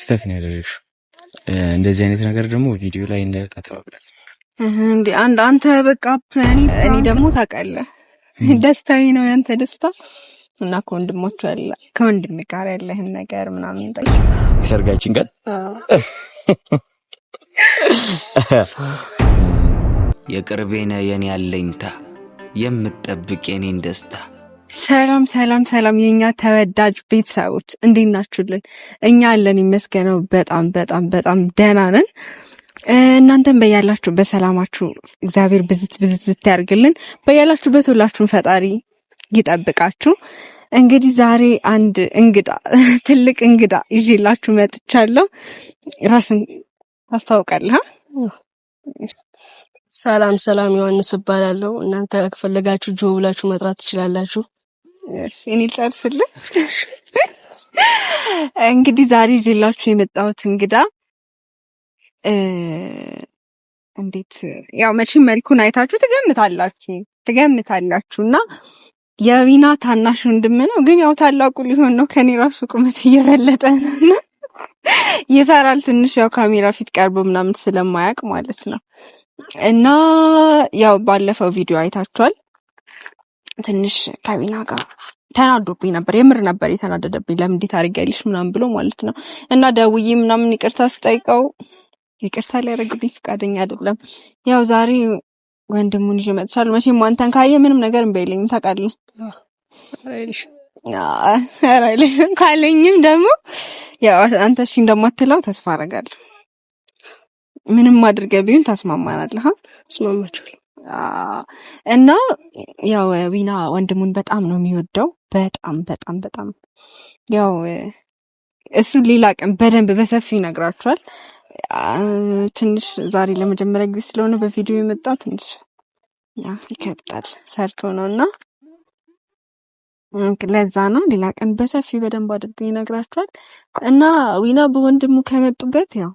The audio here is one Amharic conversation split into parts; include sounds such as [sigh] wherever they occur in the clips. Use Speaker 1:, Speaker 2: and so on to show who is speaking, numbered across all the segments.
Speaker 1: ስህተት ነው ያደረግሽው። እንደዚህ አይነት ነገር ደግሞ ቪዲዮ ላይ እንዳይወጣ ተባብላት።
Speaker 2: እንዴ አንድ አንተ በቃ እኔ ደግሞ ታውቃለህ፣ ደስታዬ ነው ያንተ ደስታ እና ከወንድሞቹ ያለ ከወንድሜ ጋር ያለህን ነገር ምናምን ጠ
Speaker 1: የሰርጋችን ቀን የቅርቤ ነህ የኔ አለኝታ የምትጠብቅ የኔን ደስታ
Speaker 2: ሰላም ሰላም ሰላም የኛ ተወዳጅ ቤተሰቦች እንዴት ናችሁልን? እኛ ያለን ይመስገነው በጣም በጣም በጣም ደህና ነን። እናንተም በያላችሁ በሰላማችሁ እግዚአብሔር ብዝት ብዝት ያርግልን። በያላችሁበት ሁላችሁን ፈጣሪ ይጠብቃችሁ። እንግዲህ ዛሬ አንድ እንግዳ [laughs] ትልቅ እንግዳ ይዤላችሁ መጥቻለሁ። ራስን ታስታውቃለህ? ሰላም ሰላም፣ ዮሐንስ እባላለሁ። እናንተ ከፈለጋችሁ ጆ ብላችሁ መጥራት ትችላላችሁ። እኔ ልጨርስልህ። እንግዲህ ዛሬ ይዤላችሁ የመጣሁት እንግዳ እንዴት ያው መቼም መልኩን አይታችሁ ትገምታላችሁ ትገምታላችሁ እና የዊና ታናሽ ወንድም ነው፣ ግን ያው ታላቁ ሊሆን ነው። ከኔ ራሱ ቁመት እየበለጠ ነው። ይፈራል ትንሽ ያው ካሜራ ፊት ቀርቦ ምናምን ስለማያውቅ ማለት ነው። እና ያው ባለፈው ቪዲዮ አይታችኋል። ትንሽ ከቢና ጋር ተናዶብኝ ነበር። የምር ነበር የተናደደብኝ። ለምን እንዴት አድርጊያለሽ ምናምን ብሎ ማለት ነው። እና ደውዬ ምናምን ይቅርታ ስጠይቀው ይቅርታ ሊያደርግልኝ ፈቃደኛ አይደለም። ያው ዛሬ ወንድሙን ይዤ እመጣለሁ። መቼም አንተን ካየ ምንም ነገር እምቢ አይለኝም ታውቃለህ። ካለኝም ደግሞ ያው አንተ እሺ እንደማትለው ተስፋ አደርጋለሁ። ምንም አድርገህ ቢሆን ታስማማናለህ። አስማማችኋለሁ እና ያው ዊና ወንድሙን በጣም ነው የሚወደው። በጣም በጣም በጣም ያው እሱን ሌላ ቀን በደንብ በሰፊ ይነግራችኋል። ትንሽ ዛሬ ለመጀመሪያ ጊዜ ስለሆነ በቪዲዮ የመጣ ትንሽ ይከብዳል፣ ፈርቶ ነው እና ለዛ ነው። ሌላ ቀን በሰፊ በደንብ አድርጎ ይነግራችኋል። እና ዊና በወንድሙ ከመጡበት ያው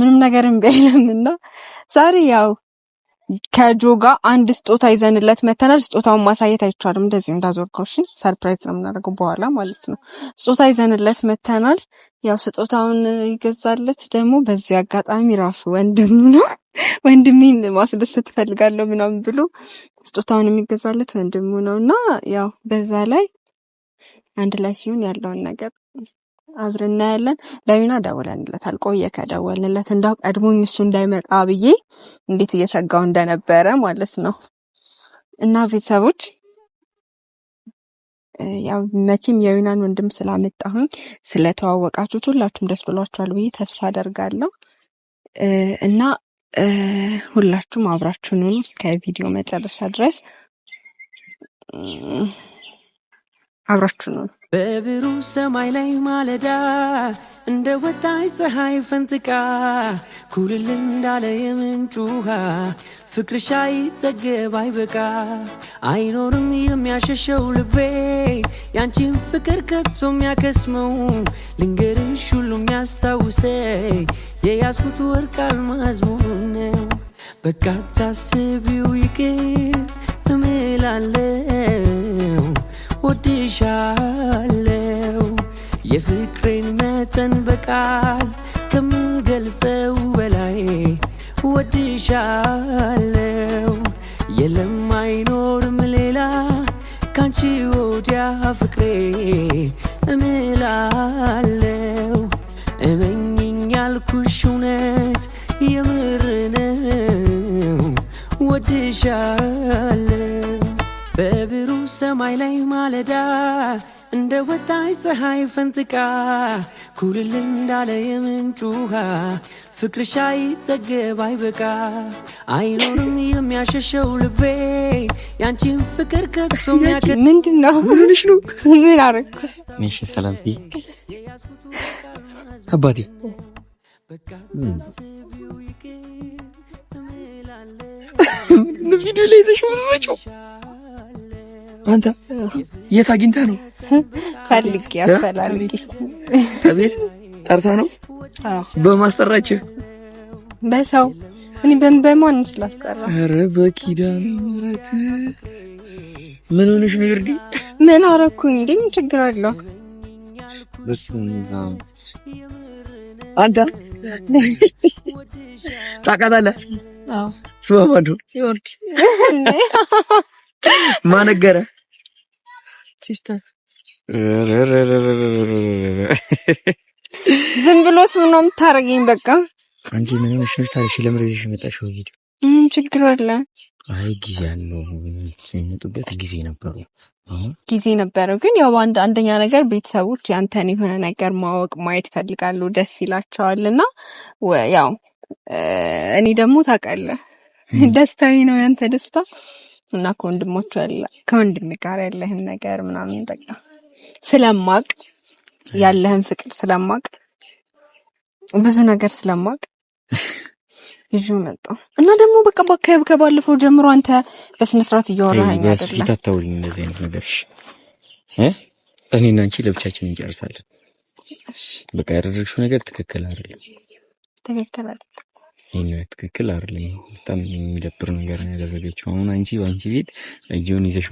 Speaker 2: ምንም ነገርም ቢያይለም እና ዛሬ ያው ከጆ ጋር አንድ ስጦታ ይዘንለት መተናል። ስጦታውን ማሳየት አይቻልም፣ እንደዚህ እንዳዞርከው። እሺ፣ ሰርፕራይዝ ነው የምናደርገው በኋላ ማለት ነው። ስጦታ ይዘንለት መተናል። ያው ስጦታውን ይገዛለት ደግሞ በዚህ አጋጣሚ ራሱ ወንድም ነው ወንድሜን ማስደሰት ትፈልጋለሁ ምናምን ብሎ ስጦታውን የሚገዛለት ወንድሙ ነው እና ያው በዛ ላይ አንድ ላይ ሲሆን ያለውን ነገር አብረን እናያለን። ለዊና ደውለንለታል። ቆየ ከደወልንለት እንዳው ቀድሞኝ እሱ እንዳይመጣ ብዬ እንዴት እየሰጋው እንደነበረ ማለት ነው። እና ቤተሰቦች ያው መቼም የዊናን ወንድም ስላመጣሁኝ ስለተዋወቃችሁት ሁላችሁም ደስ ብሏችኋል ብዬ ተስፋ አደርጋለሁ። እና ሁላችሁም አብራችሁን እስከ ቪዲዮ መጨረሻ ድረስ አብራችሁ ነው። በብሩህ ሰማይ ላይ ማለዳ እንደ ወጣች ፀሐይ ፈንጥቃ ኩልል እንዳለ የምንጭ ውሃ ፍቅርሽ አይጠገብ አይበቃ አይኖርም የሚያሸሸው ልቤ ያንቺን ፍቅር ከቶ የሚያከስመው ልንገርሽ ሁሉ የሚያስታውሰ የያዝኩት ወርቅ አልማዝሙን ነው በቃ ታስቢው ይቅር እምላለ ወድሻለው የፍቅሬን መጠን በቃል ከምገልጸው በላይ ወድሻለው የለም አይኖርም ሌላ ካንቺ ወዲያ ፍቅሬ እምላለው እመኝኛል ያልኩሽ እውነት የምር ነው ወድሻለው በብሩ ሰማይ ላይ ማለዳ እንደ ወጣይ ፀሐይ ፈንጥቃ ኩልል እንዳለ የምንጩ ውሃ ፍቅርሽ አይጠገብ አይበቃ አይኖርም የሚያሸሸው ልቤ ያንቺን ፍቅር ከቶ ምንድን ነው? ምንሽ ነው? ምን
Speaker 1: አረግኩ? ሚሽ ሰላም አባቴ ቪዲዮ ላይ ይዘሽ ምትመጪው አንተ የት አግኝተህ ነው?
Speaker 2: ፈልጌ አፈላልጌ
Speaker 1: ከቤት ጠርታ ነው። በማስጠራችህ
Speaker 2: በሰው እኔ በምን በማን ስላስጠራ?
Speaker 1: ኧረ በኪዳነ ምሕረት ምን ሆነሽ ነው? ይርዲ
Speaker 2: ምን አረኩኝ እንዴ? ምን ችግር አለው?
Speaker 1: አንተ ታውቃታለህ? አዎ ስማ ማን ነገረ
Speaker 2: ሲስተር ዝም ብሎስ ምነው የምታደርገኝ? በቃ
Speaker 1: አንቺ ምን ሆነሽ ነው? ታሪሽ ለምን እዚህ የመጣሽው? ሂድ።
Speaker 2: ምን ችግር አለ?
Speaker 1: አይ ጊዜ አለው የሚመጡበት ጊዜ ነበሩ
Speaker 2: ጊዜ ነበረው። ግን ያው አንድ አንደኛ ነገር ቤተሰቦች ያንተን የሆነ ነገር ማወቅ ማየት ይፈልጋሉ፣ ደስ ይላቸዋል። እና ያው እኔ ደግሞ ታውቃለህ፣ ደስታዬ ነው ያንተ ደስታ እና ከወንድሞቹ ያለ ከወንድም ጋር ያለህን ነገር ምናምን በቃ ስለማቅ ያለህን ፍቅር ስለማቅ ብዙ ነገር ስለማቅ ይዤ መጣሁ እና ደግሞ በቃ በአካባቢ ከባለፈው ጀምሮ አንተ በስነስርዓት ስርዓት
Speaker 1: እያወራኸኝ አታውሪኝ እንደዚህ አይነት ነገር እ እኔና አንቺ ለብቻችን እንጨርሳለን። በቃ ያደረግሽው ነገር ትክክል አይደለም፣
Speaker 2: ትክክል አይደለም።
Speaker 1: ይህን ትክክል አይደለም። በጣም የሚደብር ነገር ነው ያደረገችው። አሁን አንቺ በአንቺ ቤት እጅውን ይዘሽ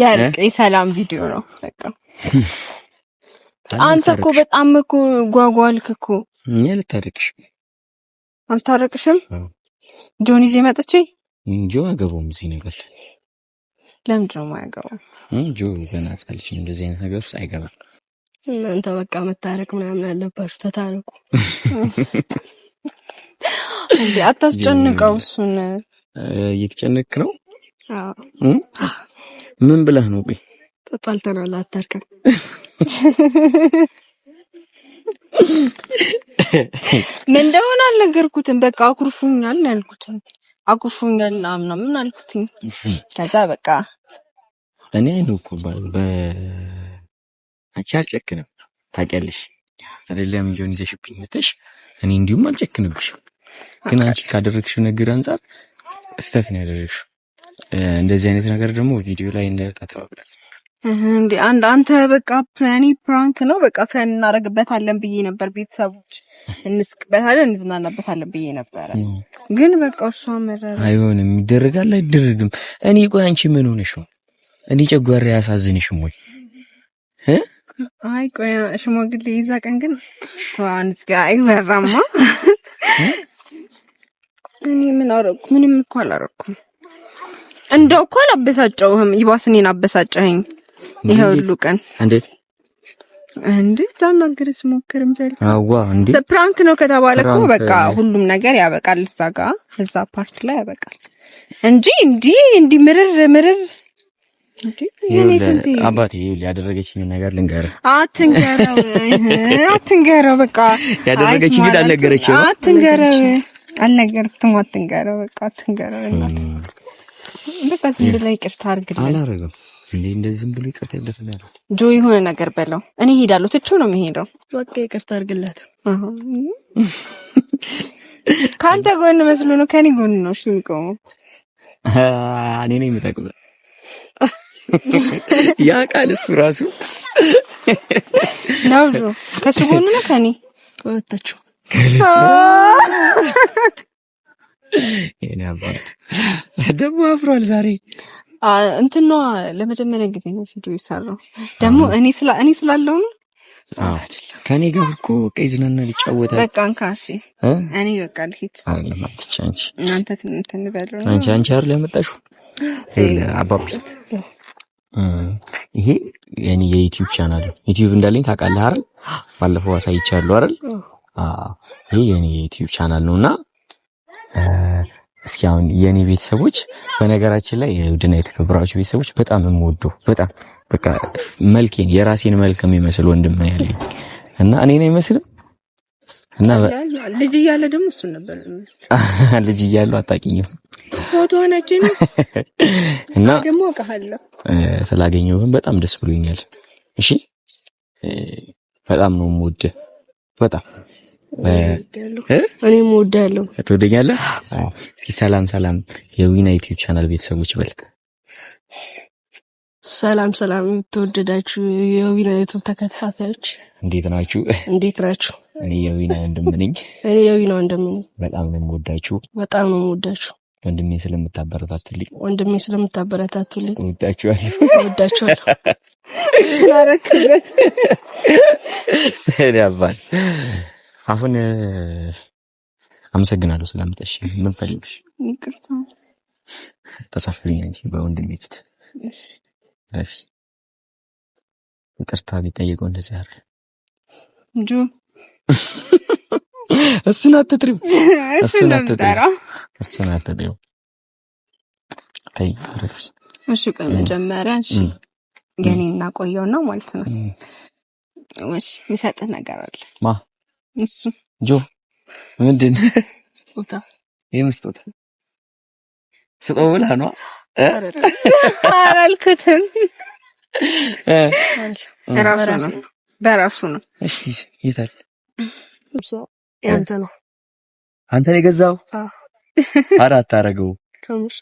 Speaker 2: ያርቅ [laughs] የሰላም ቪዲዮ ነው በቃ። አንተ እኮ በጣም እኮ ጓጓልክ እኮ።
Speaker 1: እኔ ልታረቅሽ
Speaker 2: አልታረቅሽም። ጆን ይዤ መጥቼ
Speaker 1: ጆ አገባውም እዚህ ነገር
Speaker 2: ለምንድን ነው የማያገባው?
Speaker 1: ጆ ገና ጻልሽ እንደዚህ አይነት ነገር ውስጥ አይገባም።
Speaker 2: እናንተ በቃ መታረቅ ምናምን አለባችሁ፣ ተታረቁ። እንዴ አታስጨንቀው እሱን።
Speaker 1: እየተጨነቅክ ነው? ምን ብለህ ነው? ቆይ
Speaker 2: ተጣልተናል፣ አታርከን ምን እንደሆነ አልነገርኩትም። በቃ አኩርፉኛል ያልኩት አኩርፉኛል ምናምን አልኩትኝ። ከዛ በቃ
Speaker 1: እኔ ነው እኮ አንቺ አልጨክንም ታውቂያለሽ። አይደለም ልጆን ይዘሽብኝ መተሽ እኔ እንዲሁም አልጨክንብሽም። ግን አንቺ ካደረግሽው ነገር አንጻር ስተት ነው ያደረግሽው። እንደዚህ አይነት ነገር ደግሞ ቪዲዮ ላይ እንዳይወጣ ተባብላል።
Speaker 2: እንዴ አንድ አንተ በቃ ፕላኒ ፕራንክ ነው በቃ ፕላን እናደርግበታለን ብዬ ነበር። ቤተሰቦች እንስቅበታለን እንዝናናበታለን ብዬ ነበረ። ግን በቃ እሷ መረረ
Speaker 1: አይሆንም፣ ይደረጋል አይደረግም። እኔ ቆይ አንቺ ምን ሆነሽ ነው? እኔ ጨጓራ ያሳዝንሽም ወይ?
Speaker 2: አይ ቆይ ሽማግሌ ይዛ ቀን ግን ተዋን ጋር አይበራማ። እኔ ምን አረኩ? ምንም እኮ አላረኩም። እንደው እኮ አላበሳጨውህም፣ ይባስ እኔን አበሳጨኸኝ። ይሄ ሁሉ ቀን እንዴት እንዴ ታናገርስ ሞክርም ዘል አዋ እንዴ ፕራንክ ነው ከተባለ እኮ በቃ ሁሉም ነገር ያበቃል። እዛ ጋር እዛ ፓርት ላይ ያበቃል እንጂ እንዲህ እንዲህ ምርር ምርር
Speaker 1: አባቴ ያደረገችኝ ነገር ልንገር።
Speaker 2: አትንገረው፣ አትንገረው፣ በቃ
Speaker 1: ያደረገችኝ ግን አልነገረችም።
Speaker 2: አትንገረው፣ አልነገርኩትም። አትንገረው፣ በቃ አትንገረው። በቃ ዝም ብለህ ይቅርታ አድርግልኝ።
Speaker 1: አላደርግም እንዴ እንደዚህ ዝም ብሎ ይቅርታ ይብለፈናል።
Speaker 2: ጆ የሆነ ነገር በለው። እኔ ሄዳለሁ፣ ትቹ ነው የሚሄደው። በቃ ይቅርታ አድርግላት። ከአንተ ጎን መስሎ ነው፣ ከኔ ጎን ነው እሺ የሚቆመው።
Speaker 1: እኔ ነኝ የምጠቅመው ያ ቃል እሱ ራሱ
Speaker 2: ዳውዶ ከሱ ጎን ነው ከኔ ወጣችሁ
Speaker 1: የኔ አባት ደግሞ አፍሯል ዛሬ
Speaker 2: እንትኗ ለመጀመሪያ ጊዜ ነው ቪዲዮ የሰራው። ደግሞ እኔ ስላ እኔ ስላለው ነው
Speaker 1: ከኔ ጋር እኮ ቀይ ዝናና ሊጫወታ
Speaker 2: በቃ እንካ እሺ፣ እኔ በቃ ልሂድ።
Speaker 1: አይደለም አትቻንቺ
Speaker 2: እናንተ እንትን በሉ
Speaker 1: አንቺ አንቺ አይደል ያመጣሽው አባብለት ይሄ የኔ የዩቲዩብ ቻናል ዩቲዩብ እንዳለኝ ታውቃለህ አይደል? ባለፈው አሳይቻለሁ አይደል? ይሄ የኔ የዩቲዩብ ቻናል ነው እና እስኪ አሁን የኔ ቤተሰቦች በነገራችን ላይ ውድና የተከበራችሁ ቤተሰቦች በጣም የምወደው በጣም በቃ መልኬን የራሴን መልክ የሚመስል ወንድም ነው ያለኝ እና እኔን አይመስልም
Speaker 2: እና ልጅ እያለ ደግሞ እሱን ነበር
Speaker 1: [laughs] ልጅ እያለሁ አታውቂኝም
Speaker 2: [laughs] እና
Speaker 1: ስላገኘሁህም በጣም ደስ ብሎኛል። እሺ በጣም ነው የምወደው። በጣም
Speaker 2: እኔ የምወደው
Speaker 1: ትወደኛለህ። እስኪ ሰላም ሰላም፣ የዊና ዩቲዩብ ቻናል ቤተሰቦች በል
Speaker 2: ሰላም ሰላም የተወደዳችሁ የዊና ዩቱብ ተከታታዮች እንዴት ናችሁ? እንዴት ናችሁ?
Speaker 1: እኔ የዊና ወንድም ነኝ።
Speaker 2: እኔ የዊና ወንድም ነኝ።
Speaker 1: በጣም ነው የምወዳችሁ።
Speaker 2: በጣም ነው የምወዳችሁ።
Speaker 1: ወንድሜ ስለምታበረታቱልኝ
Speaker 2: ወንድሜ ስለምታበረታቱልኝ
Speaker 1: ወዳችኋለሁ ወዳችኋለሁ። አባል አሁን አመሰግናለሁ ስለምጠሽ ምን ፈልግሽ ይቅርታ ተሳፍሪኝ አንቺ በወንድሜ ፊት ረፊ ይቅርታ ቢጠየቀው እንደዚህ አለ እንጂ እሱን አትጥሪው፣
Speaker 2: [laughs] እሱን አትጥሪው፣
Speaker 1: እሱን አትጥሪው።
Speaker 2: እሺ ቆይ መጀመሪያ እሺ፣ ገኔ እናቆየው ነው ማለት ነው። እሺ የሚሰጥህ ነገር አለ
Speaker 1: ማ እሱ ጆ ምንድን
Speaker 2: [laughs] ስጦታ
Speaker 1: ይሄም ስጦታ ስጦ ብላ ነው
Speaker 2: አላልኩትም። ራሱ ነው በራሱ ነው።
Speaker 1: እሺ ይታል ያንተ ነው። አንተን የገዛው አራት አረገው
Speaker 2: ከምር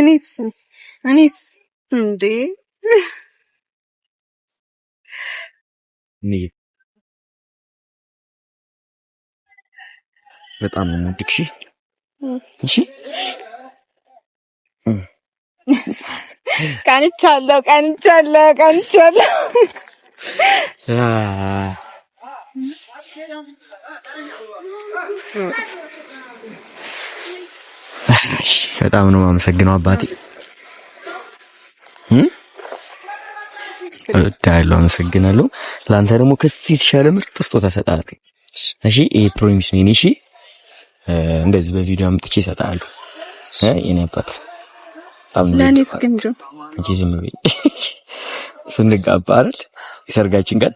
Speaker 2: እኔስ እንዴ
Speaker 1: በጣም ነው የምወድክ። እሺ እሺ።
Speaker 2: ቀንቻለሁ ቀንቻለሁ ቀንቻለሁ።
Speaker 1: በጣም ነው የማመሰግነው አባቴ። እወዳለሁ። አመሰግናለሁ። ለአንተ ደግሞ ከዚህ የተሻለ ምርጥ ስጦታ ሰጣት። እሺ ይሄ ፕሮሚስ ነው። እሺ እንደዚህ በቪዲዮ አምጥቼ ይሰጣሉ። የኔ አባት
Speaker 2: ለኔስ ግምጆ
Speaker 1: እጂ ዝም ብዬ ስንጋባ አይደል የሰርጋችን ቀን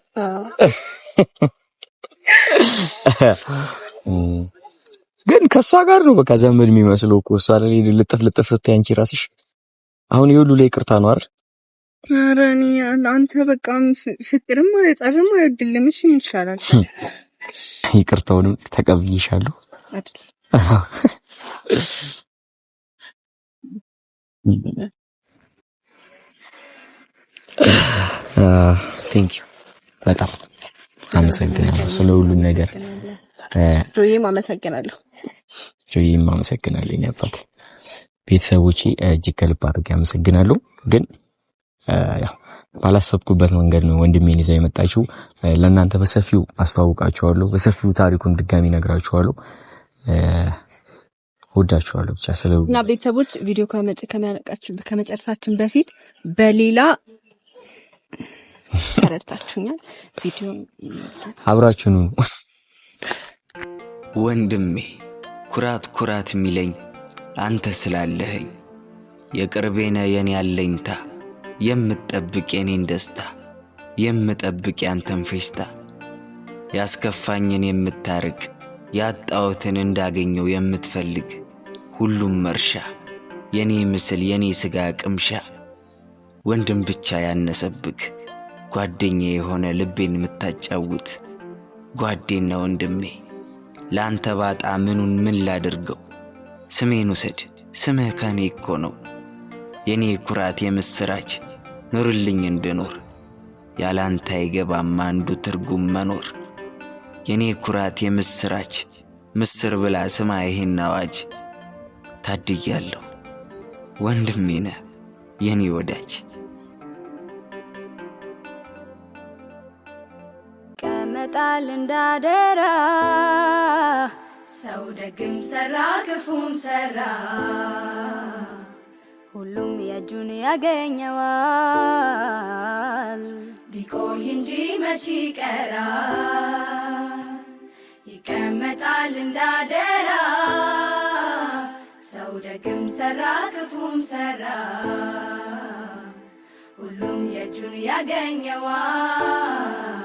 Speaker 1: ግን ከእሷ ጋር ነው በቃ ዘመድ የሚመስለው እኮ እሷ አይደል ልጥፍ ልጥፍ ስታይ አንቺ ራስሽ አሁን የሁሉ ላይ ቅርታ ነው አይደል?
Speaker 2: ኧረ እኔ አንተ በቃ ፍቅርም ጸብም አይወድልም። እሺ ይሻላል።
Speaker 1: ይቅርታውንም ተቀብዬሻለሁ። አይደል? ቴንክ ዩ በጣም አመሰግናለሁ ስለ ሁሉም ነገር።
Speaker 2: uh, ጆዬም አመሰግናለሁ።
Speaker 1: ጆዬም አመሰግናለሁ። የእኔ አባት ቤተሰቦቼ እጅግ ከልብ አድርጌ አመሰግናለሁ። ግን uh, ባላሰብኩበት መንገድ ነው ወንድሜን ይዛ የመጣችው። uh, ለእናንተ በሰፊው አስተዋውቃችኋለሁ። በሰፊው ታሪኩን ድጋሚ ነግራችኋለሁ። እወዳችኋለሁ ብቻ ስለ
Speaker 2: እና ቤተሰቦች ቪዲዮ ከመጨረሳችን በፊት በሌላ ተረድታችሁኛል። ቪዲዮ
Speaker 1: አብራችሁኑ ወንድሜ ኩራት ኩራት የሚለኝ አንተ ስላለህኝ የቅርቤነ የኔ ያለኝታ የምጠብቅ የኔን ደስታ የምጠብቅ ያንተን ፌሽታ ያስከፋኝን የምታርቅ ያጣሁትን እንዳገኘው የምትፈልግ ሁሉም እርሻ የኔ ምስል የኔ ሥጋ ቅምሻ ወንድም ብቻ ያነሰብክ ጓደኛ የሆነ ልቤን የምታጫውት ጓዴና ወንድሜ ለአንተ ባጣ ምኑን ምን ላድርገው? ስሜን ውሰድ፣ ስምህ ከኔ እኮ ነው የኔ ኩራት የምስራች ኑርልኝ እንድኖር ያላንተ አይገባም አንዱ ትርጉም መኖር የኔ ኩራት የምስራች ምስር ብላ ስማ ይህን አዋጅ። ታድያለሁ ወንድሜ ነ የኔ ወዳጅ። ቀመጣል እንዳደራ ሰው ደግም ሰራ ክፉም ሰራ ሁሉም የእጁን ያገኘዋል ቢቆይ እንጂ መች ቀራ ይቀመጣል እንዳደራ ሰው ደግም ሰራ ክፉም ሰራ ሁሉም የእጁን ያገኘዋል።